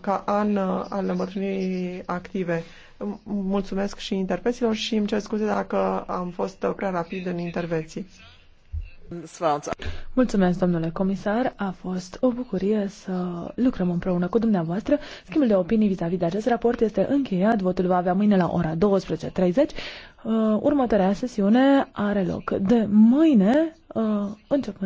ca an al îmbătrânirii active. Mulțumesc și intervențiilor și îmi cer scuze dacă am fost prea rapid în intervenții. Mulțumesc, domnule comisar. A fost o bucurie să lucrăm împreună cu dumneavoastră. Schimbul de opinii vis-a-vis -vis de acest raport este încheiat. Votul va avea mâine la ora 12.30. Uh, următoarea sesiune are loc de mâine, uh, începând.